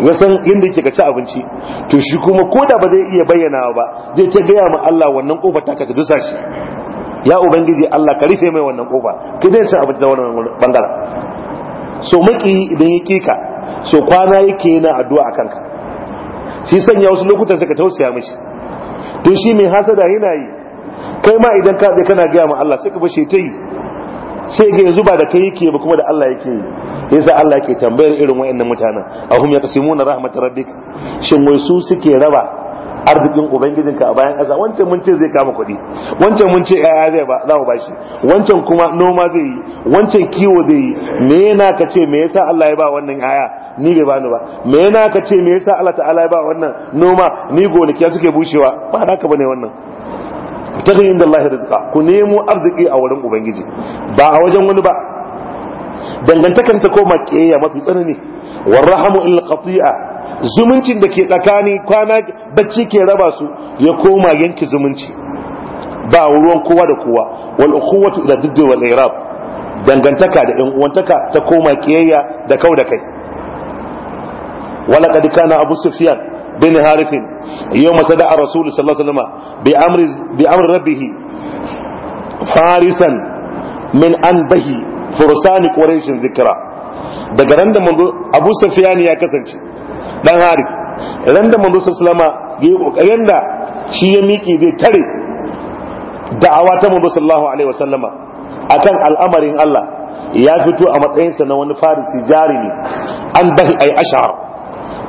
ya san yadda yake ka ci abinci to shi kuma ko da ba zai iya bayyana ba zai ta gaya ma Allah wannan kofar ta ka dusa shi ya ubangiji Allah ka rufe mai wannan kofa kai zai ci abinci da wannan bangaren so maki idan ya kika so kwana yake yana addu'a a kanka shi sanya wasu lokutan suka tausaya mishi to shi mai hasada yana yi kai ma idan ka je kana gaya ma Allah sai ka bashe ta yi sai ga yanzu ba da kai yake ba kuma da Allah yake yi yasa Allah ke tambayar irin wa'annan mutanen ahum yaqsimuna rahmatar rabbik shin wai su suke raba arzikin ubangijinka a bayan ƙasa wancan mun ce zai kama kuɗi wancan mun ce yaya zai ba za mu bashi wancan kuma noma zai yi wancan kiwo zai yi me yana ka ce me yasa Allah ya ba wannan aya ni bai bani ba me yana ka ce me yasa Allah ta'ala ya ba wannan noma ni gonakiya suke bushewa ba haka bane wannan tafi inda Allah rizqa ku nemo arziki a wurin ubangiji ba a wajen wani ba dangantakan ta koma kiyaya mafi tsanani warrahamu il qati'a zumuncin da ke tsakani kwana bacci ke raba su ya koma yanki zumunci ba ruwan kowa da kowa wal ukhuwatu ila didd wal irab dangantaka da 'yan uwantaka ta koma kiyayya da kau da kai wala kad kana abu sufyan bin harith yawma ar rasul sallallahu alaihi wasallam bi amri bi amri rabbih farisan min anbahi fursani quraish Zikira. daga ran da manzo abu sufyan ya kasance dan haris randa da manzo sallama ya kokarin da shi ya miƙe zai tare da'awa ta manzo sallallahu alaihi wasallama akan al'amarin Allah ya fito a matsayinsa na wani farisi jari ne an bahi ai ashar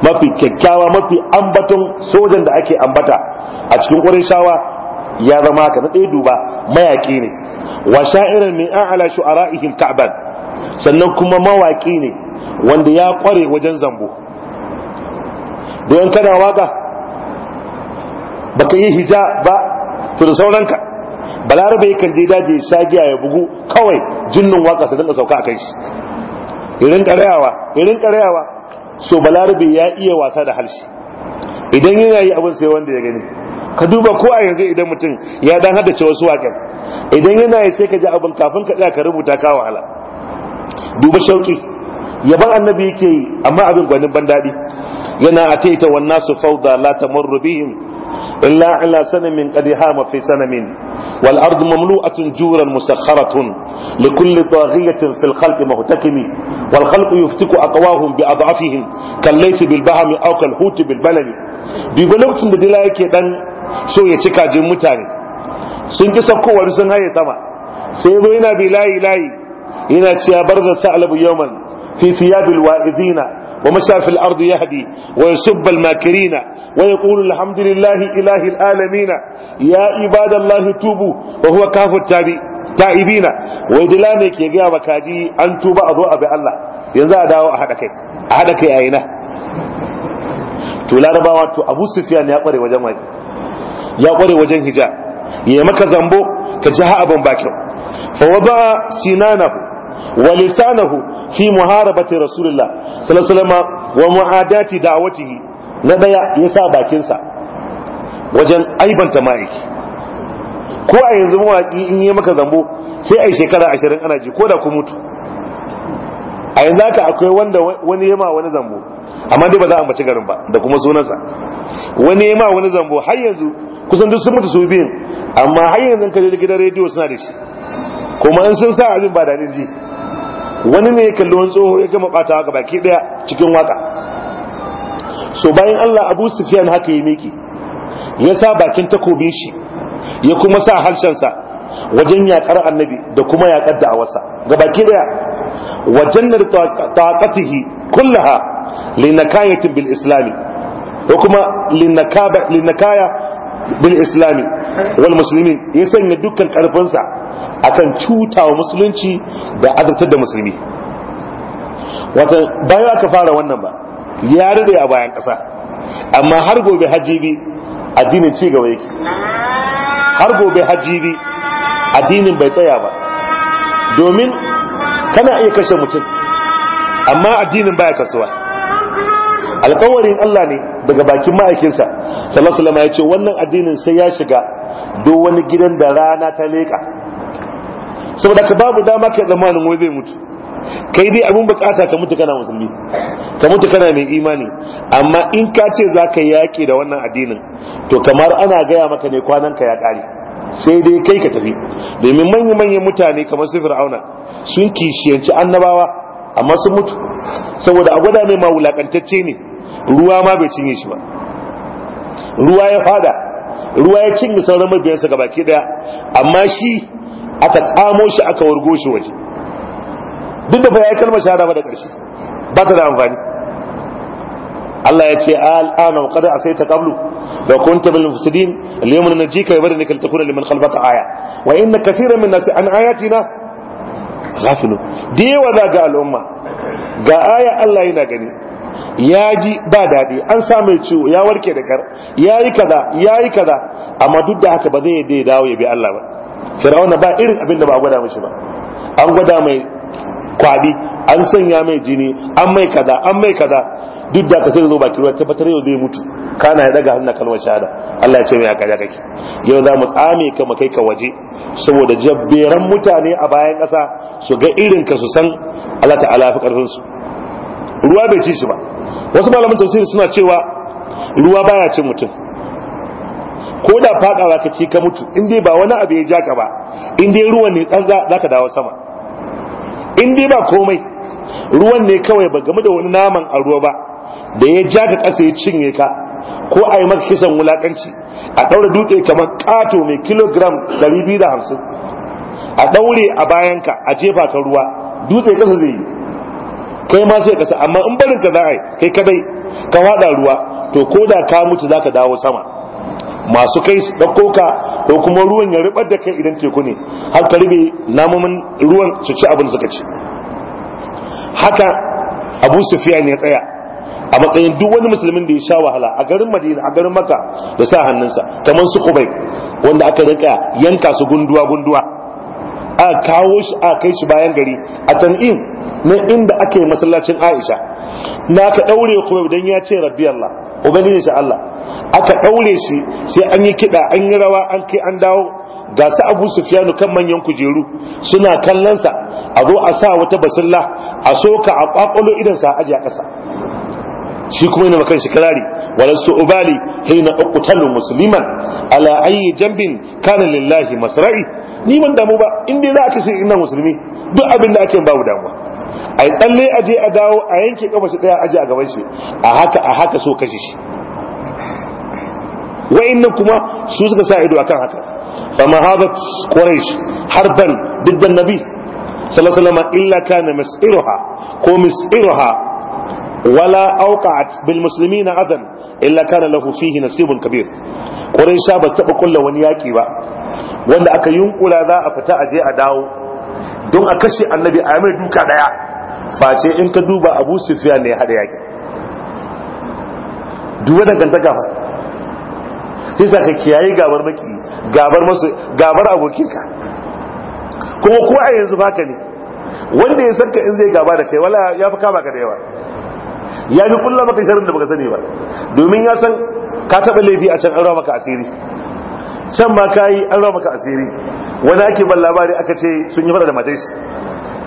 mafi kyakkyawa mafi ambaton sojan da ake ambata a cikin shawa ya zama ka na ɗaya duba mayaƙi ne wa sha'irar min ala shu'ara'ihim ka'ban sannan kuma mawaƙi ne wanda ya ƙware wajen zambo don kana waka baka yi hija ba to da sauranka balarabe yakan je daji sagiya ya bugu kawai jinnin waka sai da sauka kai shi irin karayawa irin karayawa so balarabe ya iya wasa da harshe idan yana yi abin sai wanda ya gani ka duba ko a yanzu idan mutum ya dan haddace wasu waƙen idan yana yi sai ka ji abin kafin ka tsaya ka rubuta ka wahala duba shauki yaban annabi yake yi amma abin gwanin ban daɗi yana ataita wan su Fauda la tamurru bihim illa ala sanamin qad hama fi sanamin wal ard mamlu'atun juran musakharatun li kulli taghiyatin fil khalq muhtakimi wal khalq yuftiku aqwahum bi adafihim kal laythi bil bahmi aw kal huti bil balani digo lokacin da dila yake dan so ya cika jin mutane sun ki sakkowar sun haye sama sai yana bi layi layi yana cewa barza sa'labu yawman في ثياب الواعظين ومشى في الأرض يهدي ويسب الماكرين ويقول الحمد لله إله العالمين يا عباد الله توبوا وهو كاف التائبين ويدلانك يا مكاجي أن توب أضواء بالله ينزع داو أحدك أحدك يا أينه to larabawa to abu sufiyan ya kware wajen waje ya kware wajen hija ya maka zambo ka ji ha abin bakin fa wada sinanahu wa lisanahu fi muharabati rasulillah sallallahu alaihi wasallam wa muadati da'watihi na daya yasa bakin sa wajen aibanta ma'aiki ko a yanzu mawaki in yi maka zambo sai a shekara 20 ana ji ko da ku mutu a yanzu haka akwai wanda wani yema wani zambo amma dai ba za a mace garin ba da kuma sunansa wani yema wani zambo har yanzu kusan duk sun mutu su biyun amma har yanzu ka je gidan rediyo suna da shi kuma in sun sa abin ba daɗin ji wani ne ya kalli wani tsoho ya gama bata waka baki daya cikin waka so bayan Allah Abu Sufyan haka ya miki ya sa bakin takobin shi ya kuma sa harshensa wajen yakar annabi da kuma yakar wasa. ga baki daya wajen da taqatihi kullaha linakayatin bil islami ko kuma linakaya bil islami wal muslimin ya sanya dukkan karfinsa akan cutawa musulunci da azabtar da musulmi wata bayan aka fara wannan ba ya rade a bayan ƙasa amma har gobe hajjibi addinin ci gaba yake har gobe hajjibi addinin bai tsaya ba domin kana iya kashe mutum amma addinin baya kasuwa alkawarin Allah ne daga bakin ma'aikinsa sallallahu alaihi ya ce wannan addinin sai ya shiga duk wani gidan da rana ta leka saboda ka babu dama kai zamanin wai zai mutu kai dai abin bukata ka mutu kana musulmi ka mutu kana mai imani amma in ka ce za ka yaƙi da wannan addinin to kamar ana gaya maka ne kwanan ka ya kare sai dai kai ka tafi domin manya-manyan mutane kamar su fir'auna sun kishiyanci annabawa amma sun mutu saboda a gwada mai ma wulakantacce ne ruwa ma bai cinye shi ba ruwa ya fada ruwa ya cinye sauran mabiyansa ga baki daya amma shi aka tsamo shi aka wargo shi waje duk da fa ya shi, shahada ba da ƙarshe ba ta da amfani Allah ya ce al'ana wa qad asayta qablu wa kunta bil mufsidin al yawma najika wa badnika li kuna liman khalfaka aya wa inna katiran min nas an ayatina ghafilun da yawa za ga al'umma ga aya Allah yana gani ya ji ba daɗi an samu ciwo ya warke da kar ya yi kaza ya yi kaza amma duk da haka ba zai yi dawo ya bi Allah ba fir'auna ba irin abin da ba gwada mishi ba an gwada mai kwabi an sanya mai jini an mai kaza an mai kaza duk da ka sai zo baki ruwa tabbatar yau zai mutu kana ya daga hannun kalmar shahada Allah ya ce mai akaja kake yau za mu tsame ka mu kai ka waje saboda jabberan mutane a bayan kasa su ga irin ka su san Allah ta'ala fi karfin su ruwa bai ci shi ba wasu malaman tafsiri suna cewa ruwa baya cin mutum ko da fadawa ka ci ka mutu in dai ba wani abu ya ja ka ba in dai ruwan ne tsanza za ka dawo sama in dai ba komai ruwan ne kawai ba gamu da wani naman a ruwa ba da ya ja ka kasa ya cinye ka ko a yi maka kisan wulakanci a ɗaure dutse kamar kato mai kilogram 250 a ɗaure a bayanka a jefa ka ruwa dutse kasa zai yi kai ma sai ka sa amma in barin ka za a yi kai kadai ka fada ruwa to ko da ka mutu za ka dawo sama masu kai su ɗauko ka ko kuma ruwan ya rubar da kai idan teku ne har ka rube namomin ruwan su ci abin suka ci haka abu sufiya ne tsaya a matsayin duk wani musulmin da ya sha wahala a garin madina a garin maka da sa hannunsa kamar su kubai wanda aka rinka yanka su gunduwa gunduwa a kawo shi a kai shi bayan gari a tan'in na inda aka yi masallacin aisha na ka daure kuma idan ya ce rabbi allah ubangiji shi allah aka daure shi sai an yi kiɗa an yi rawa an kai an dawo ga su abu fiyanu kan manyan kujeru suna kallonsa a zo a sa wata basilla a soka a kwakwalo idansa a ajiya ƙasa shi kuma yana makan shikirari walastu ubali hina uqtalu musliman ala jambin kana lillahi masra'i ni ban damu ba in dai za a kashe ina musulmi duk abin da ake babu damuwa a yi tsalle a je a dawo a yanke kafa shi daya aje a gaban shi a haka a haka so kashe shi wa'annan kuma su suka sa ido akan haka fama hadat quraish harban diddan nabi sallallahu alaihi wasallam illa kana mas'iruha ko mas'iruha wala auqat bil muslimina adan illa kana lahu fihi nasibun kabir quraisha ba taba kulla wani yaki ba wanda aka yunkula za a fita aje a dawo don a kashe annabi a mai duka daya ce in ka duba abu Sufiya ne ya hada yaki duba dangantaka gaba. sai ka kiyaye gabar maki gabar masu gabar abokinka kuma ko a yanzu baka ne wanda ya san ka in zai gaba da kai wala ya fi kama ka da yawa ya fi kulla maka sharrin da baka sani ba domin ya san ka taɓa laifi a can an maka asiri can ba ka yi an maka asiri wani ake ban labari aka ce sun yi fada da matai shi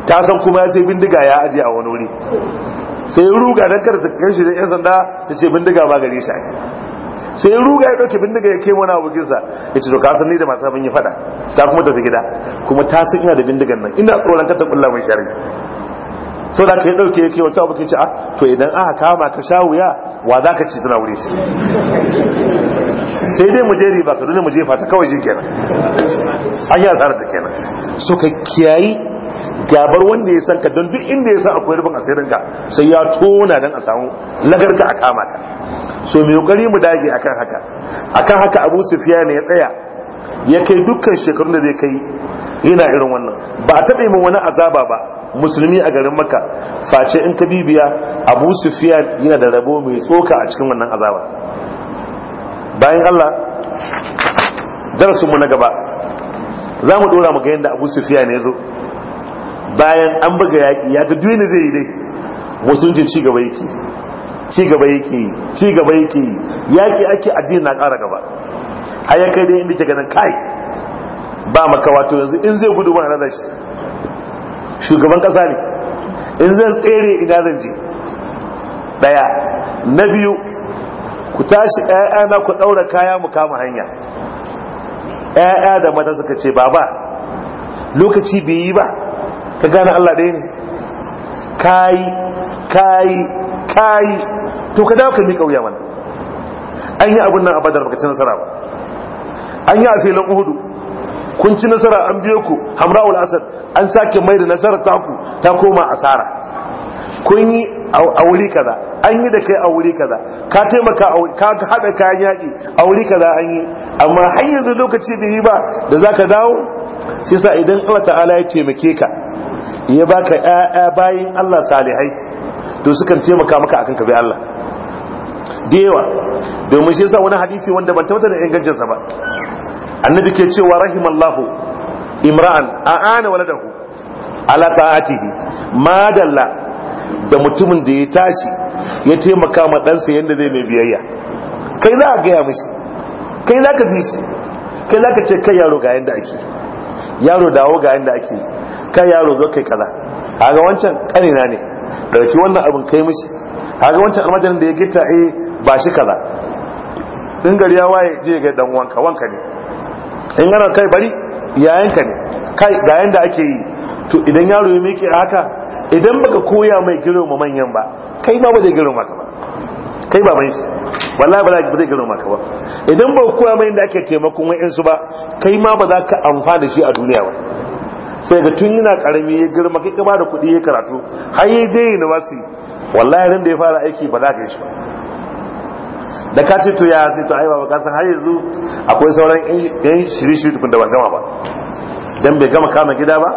ta san kuma ya ce bindiga ya ajiye a wani wuri sai ruga don kar ta kan shi da 'yan sanda ta ce bindiga ba gari shi sai ruga ya ɗauke bindiga ya kai mana abokinsa ya ce to ka san ni da masu mun yi fada ta kuma tafi gida kuma ta san ina da bindigan nan ina tsoron ka ta kulla mai shari'a so da ka yi ɗauke ya wata abu ce ah to idan aka kama ka sha wuya wa za ka ci tana wuri sai dai mu je riba ka dole mu je fata kawai shi kenan an yi asarar ta kenan so ka kiyayi gabar wanda ya san ka don duk inda ya san akwai rubin asirin ka sai ya tona dan a samu lagarka a kama ka so mai kokari mu dage akan haka akan haka abu sufiya ne ya tsaya ya kai dukkan shekarun da zai kai yana irin wannan ba a taɓa min wani azaba ba musulmi a garin maka face in ka bibiya abu sufiyan yana da rabo mai tsoka a cikin wannan azaba bayan allah darasinmu na gaba za mu dora mu ga yadda abu sufiyan ya zo bayan an buga yaƙi ya ga duniya zai yi dai musulunci ci gaba yake ci gaba yake ci gaba yake yaƙi ake addini na ƙara gaba a yankai dai inda ke ganin kai ba makawa to yanzu in zai gudu mana na shi shugaban kasa ne in zan tsere ina zan je daya na biyu ku tashi na ku ɗaura kaya mu kama hanya ƴaƴa da mata suka ce baba lokaci bai yi ba ka gane Allah ɗaya ne kayi kayi kayi to ka dawo ka miƙa wuya mana an yi abin nan a badar baka nasara ba an yi a filin uhudu kun ci nasara an biyo ku hamra'ul asad an sake mai da nasarar taku ta koma asara kun yi a wuri kaza an yi da kai a wuri kaza ka taimaka ka haɗa kayan yaki a wuri kaza an yi amma har yanzu lokaci da yi ba da zaka dawo shi sa idan Allah ta'ala ya taimake ka ya baka ƴaƴa bayin Allah salihai to sukan taimaka maka akan ka bi Allah da yawa domin shi yasa wani hadisi wanda ban tabbata da ingancinsa ba annabi ke cewa rahimallahu imra'an a'ana dahu. ala ta'atihi madalla da mutumin da ya tashi ya taimaka ma ɗansa yadda zai mai biyayya kai za a gaya mishi kai za ka bi shi kai za ka ce kai yaro ga yadda ake yaro dawo ga yadda ake kai yaro zo kai kaza ga wancan kanina ne dauki wannan abin kai mishi ga wancan almajirin da ya gita eh ba shi kaza in gari ya waye je ga dan wanka wanka ne in yana kai bari yayanka ne kai ga yanda ake yi to idan yaro ya miƙe haka idan baka koya mai girma manyan ba kai ma ba zai girma ka ba kai ba mai wallahi ba zai girma ka ba idan ba koya mai da ake taimakon wayansu ba kai ma ba za ka amfana shi a duniya ba sai ga tun yana karami ya girma kai ka ba da kuɗi ya karatu har ya je wasi wallahi ran da ya fara aiki ba za ka yi shi ba da ka ce to ya sai to aiwa baka san har yanzu akwai sauran yan shirishi tukun da ban gama ba dan bai gama kama gida ba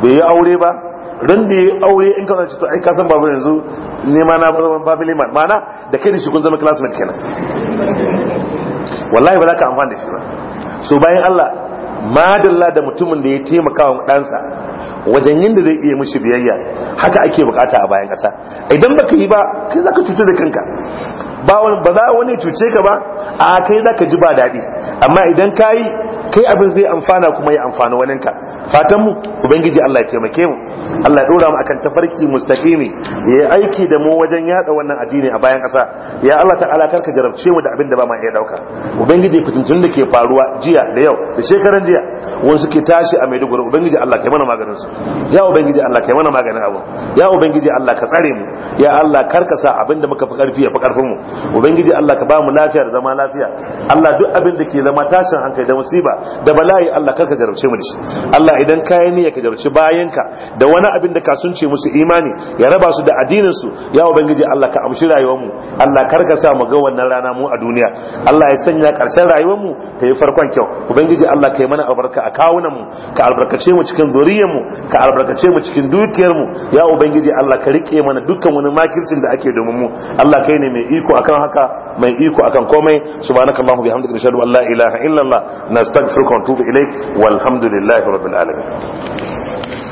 bai yi aure ba ran da ya aure in kasance to ai ka san babu yanzu nema na ba zaman family ma mana da kai da shi kun zama classmate kenan wallahi ba za ka amfana da shi ba so bayan Allah madalla da mutumin da ya taimaka wa ɗansa wajen yin zai iya mushi biyayya haka ake bukata a bayan ƙasa idan baka yi ba kai zaka cutar da kanka ba za wani cuce ka ba a kai za ka ji ba daɗi amma idan ka yi kai abin zai amfana kuma ya amfana waninka fatan mu ubangiji Allah ya taimake mu Allah ya dora mu akan tafarki mustaqimi ya aiki da mu wajen yada wannan addini a bayan ƙasa ya Allah ta ala karka jarabce mu da abin da ba mu iya dauka ubangiji fitintun da ke faruwa jiya da yau da shekaran jiya wani suke tashi a Maiduguri ubangiji Allah kai mana maganin su ya ubangiji Allah kai mana maganin abu ya ubangiji Allah ka tsare mu ya Allah karka sa abin da muka fi karfi ya fi karfin mu ubangiji Allah ka bamu mu lafiya da zama lafiya Allah duk abin da ke zama tashin hankali da musiba da bala'i Allah karka jarabce mu dashi. Allah idan kayan niyya ka jarabce bayanka da wani abin da ka sunce musu imani ya raba su da addinin su ya ubangiji Allah ka amshi rayuwar mu Allah karka sa mu ga wannan rana mu a duniya Allah ya sanya karshen rayuwar mu ta yi farkon kyau ubangiji Allah ka yi mana albarka a kawunan mu ka albarkace mu cikin zuriyar mu ka albarkace mu cikin dukiyar mu ya ubangiji Allah ka rike mana dukkan wani makircin da ake domin mu Allah kai ne mai iko akan haka mai iko akan komai subhanakallahumma bihamdika nashhadu an la ilaha illa anta nastaghfiruka wa natubu ilaik walhamdulillahi rabbil alamin